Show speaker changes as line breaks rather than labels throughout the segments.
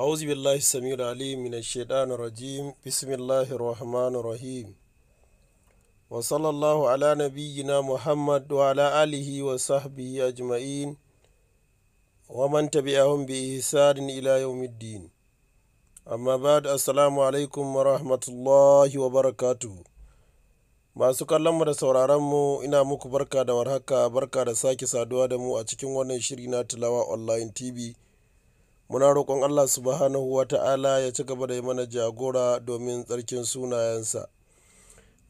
أعوذ بالله السميع العليم من الشيطان الرجيم بسم الله الرحمن الرحيم وصلى الله على نبينا محمد وعلى آله وصحبه أجمعين ومن تبعهم بإحسان إلى يوم الدين أما بعد السلام عليكم ورحمة الله وبركاته masu kallonmu da sauraronmu ina muku barka da warhaka barka da sake saduwa da mu a cikin wannan shiri na tilawa online tv muna roƙon allah subhanahu wa ta'ala ya ci gaba da yi mana jagora domin tsarkin sunayensa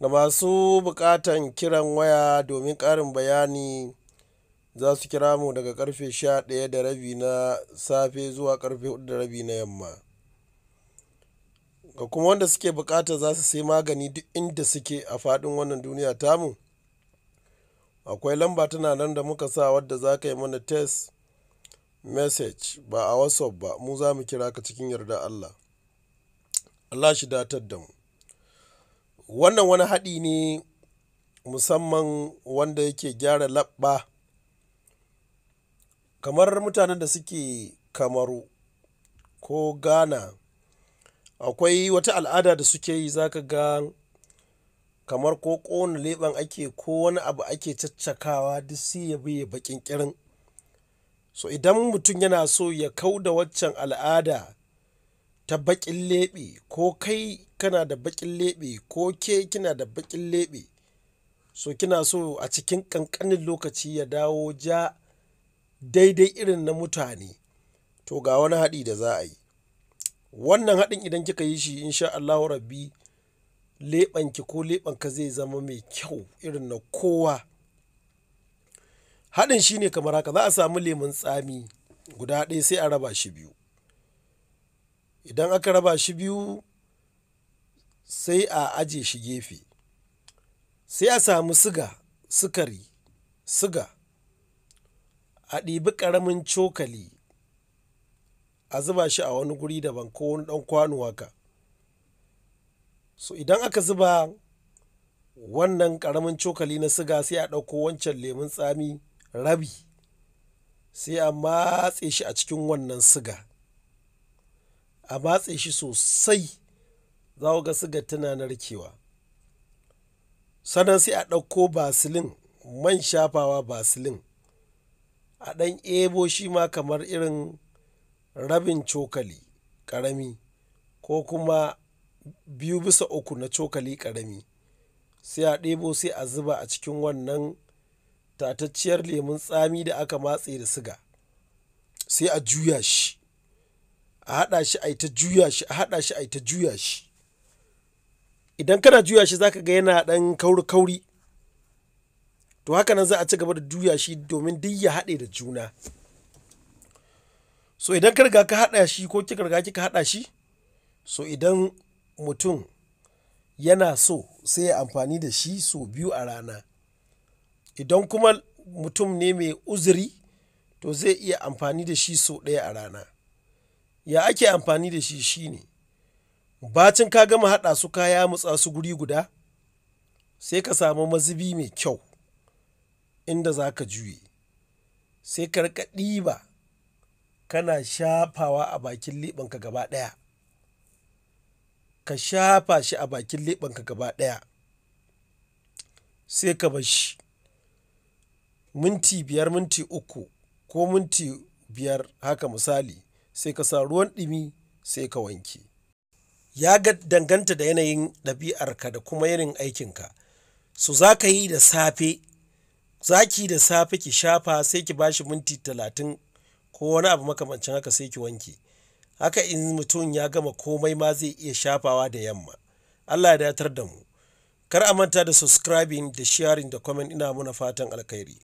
ga masu buƙatan kiran waya domin ƙarin bayani za su kira mu daga karfe ɗaya da rabi na safe zuwa karfe hudu da rabi na yamma ga kuma wanda suke bukata za su sai magani duk inda suke a faɗin wannan duniya tamu akwai lamba tana nan da muka sa wadda za ka yi mana test message ba a WhatsApp ba mu za mu kira ka cikin yarda Allah. Allah shi datar da mu. Wannan wani haɗi ne musamman wanda yake gyara labba kamar mutanen da suke kamaru ko gana akwai wata al'ada da suke yi zaka ga kamar ko kona leɓen ake ko wani abu ake caccakawa duk sai ya bi ya baƙin ƙirin so idan mutum yana so ya kau da waccan al'ada ta bakin leɓe ko kai kana da bakin leɓe ko ke kina da bakin leɓe so kina so a cikin ƙanƙanin lokaci ya dawo ja daidai irin na mutane to ga wani haɗi da za a yi wannan haɗin idan kika yi shi insha Allahu rabbi leɓanki ko leɓanka zai zama mai kyau irin na kowa haɗin shi ne kamar haka za a samu lemun tsami guda ɗaya sai a raba shi biyu idan aka raba shi biyu sai a aje shi gefe sai a samu siga sukari siga a ɗibi ƙaramin cokali a zuba shi a wani guri daban ko wani ɗan kwano haka so idan aka zuba wannan ƙaramin cokali na siga sai a ɗauko wancan lemun tsami rabi sai a matse shi a cikin wannan siga a matse shi sosai za ku ga sigar tana narkewa sannan sai a ɗauko basilin man shafawa basilin a ɗan ebo shi ma kamar irin rabin cokali ƙarami ko kuma biyu bisa uku na cokali ƙarami sai a ɗebo sai a zuba a cikin wannan tatacciyar lemun tsami da aka matse da siga sai a juya shi a haɗa shi a ta juya shi a haɗa shi a ta juya shi idan kana juya shi zaka ga yana ɗan kauri kauri to haka nan za a ci gaba da juya shi domin duk ya haɗe da juna so idan ka riga ka haɗa shi ko kika riga kika haɗa shi so idan mutum yana so sai ya amfani da shi so biyu a rana Idan kuma mutum ne mai uzuri, to zai iya amfani da shi sau ɗaya a rana. Ya ake amfani da shi shi ne bacin ka gama haɗa su kaya yamutsa su guri guda, sai ka samu mazubi mai kyau inda za ka juye, sai ka rika ɗiba kana shafawa a bakin leɓanka gaba ɗaya. Ka shafa shi a bakin leɓenka gaba ɗaya, sai ka bar shi. minti biyar minti uku ko minti biyar haka misali sai ka sa ruwan ɗumi sai ka wanke ya danganta da yanayin ɗabi'arka da kuma yanayin aikinka su za ka yi da safe za ki da safe ki shafa sai ki bashi minti talatin ko wani abu makamancin haka sai ki wanke haka in mutum ya gama komai ma zai iya shafawa da yamma allah ya datar da mu kar a manta da subscribing da sharing da comment ina muna fatan alkhairi